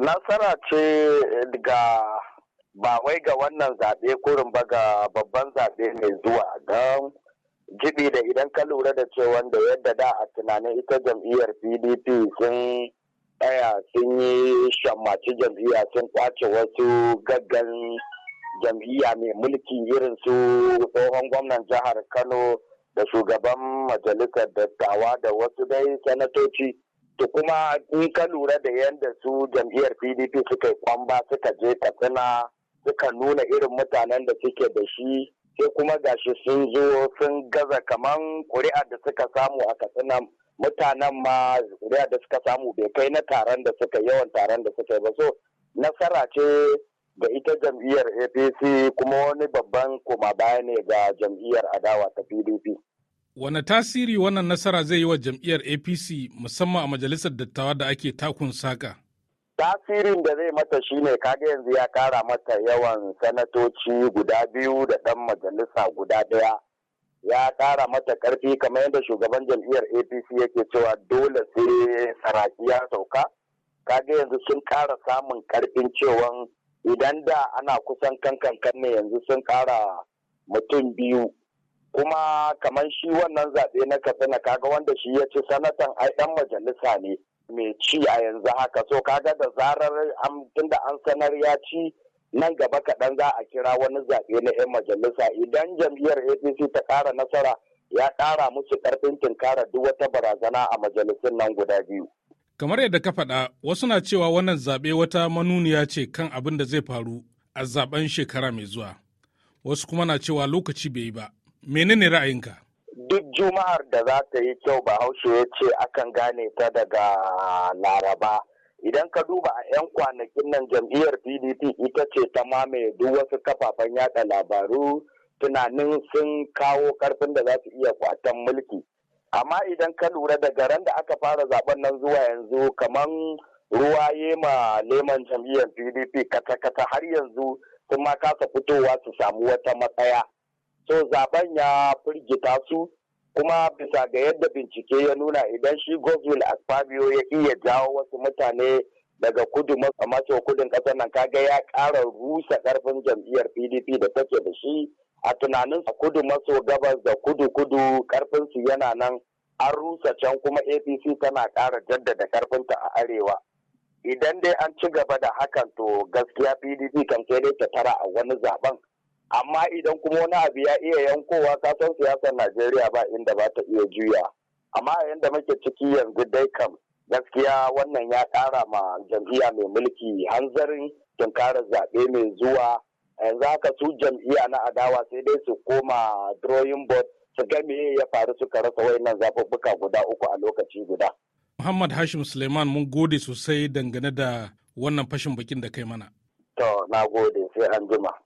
nasara ce ga ba wai ga wannan zaɓe kurin ba ga babban zaɓe mai zuwa don jibi da idan ka lura da cewa wanda yadda da a tunanin ita jam'iyyar pdp sun tsaya sun yi shammaci jam'iyya sun kwace wasu gaggan jam'iyya mai mulki irin su tsohon gwamnan jihar kano da shugaban majalisar dattawa da wasu dai sanatoci to kuma in ka lura da yadda su jam'iyyar pdp suka yi kwamba suka je katsina suka nuna irin mutanen da suke da shi sai kuma gashi sun zo sun gaza kaman kuri'a da suka samu a katsina mutanen ma kuri'a da suka samu bai kai na taron da suka yawan taron da suka yi ba so nasara ce ga ita jam'iyyar apc kuma wani babban koma baya ne ga jam'iyyar adawa ta pdp Wane tasiri wannan nasara zai yi wa jam'iyyar APC musamman a majalisar dattawa da ake takun saka? Tasirin da zai mata shi shine kaga yanzu ya kara mata yawan sanatoci guda biyu da ɗan majalisa guda ɗaya. Ya kara mata ƙarfi kamar yadda shugaban jam'iyyar APC yake cewa dole sai saraki ya sauka. Kaga yanzu sun kara samun ƙarfin cewa idan da ana kusan kankan ne yanzu sun kara mutum biyu kuma kamar shi wannan zaɓe na katsina kaga wanda shi ya ci sanatan ai ɗan majalisa ne mai ci a yanzu haka so kaga da zarar tunda an sanar ya ci nan gaba kaɗan za a kira wani zaɓe na 'yan majalisa idan jam'iyyar apc ta ƙara nasara ya ƙara musu ƙarfin tinkara duk wata barazana a majalisun nan guda biyu. kamar yadda ka faɗa wasu na cewa wannan zaɓe wata manuniya ce kan abin da zai faru a zaben shekara mai zuwa wasu kuma na cewa lokaci bai yi ba menene ra'ayinka duk juma'ar da za ta yi kyau bahaushe ya ce akan gane ta daga laraba idan ka duba a 'yan kwanakin nan jam'iyyar pdp ita ce ta mamaye duk wasu kafafen yada labaru tunanin sun kawo karfin da za su iya kwatan mulki amma idan ka lura da garan da aka fara zaben nan zuwa yanzu kamar ruwa ma leman jam'iyyar pdp kata-kata har yanzu sun ma kasa fitowa su samu wata matsaya To zaben ya firgita su kuma bisa ga yadda bincike ya nuna idan shi goswin akpabio ya iya jawo wasu mutane daga kudu maso kudin kasar nan kaga ya kara rusa karfin jam'iyyar pdp da take da shi a tunanin kudu maso gabas da kudu kudu karfinsu yana nan an rusa can kuma apc tana ƙara jaddada karfinta a arewa idan dai an ci gaba da hakan to gaskiya pdp kan sai dai ta tara a wani zaben amma idan kuma wani abu ya iya yankowa kasan siyasar najeriya ba inda ba ta iya juya amma yadda muke ciki yanzu dai kam gaskiya wannan ya kara ma jam'iyya mai mulki hanzarin tunkarar zaɓe mai zuwa yanzu haka su jam'iyya na adawa sai dai su koma drawing board su ga me ya faru suka rasa wayannan zaɓuɓɓuka guda uku a lokaci guda. Muhammad Hashim Suleiman mun gode sosai dangane da wannan fashin bakin da kai mana. To, na gode sai an jima.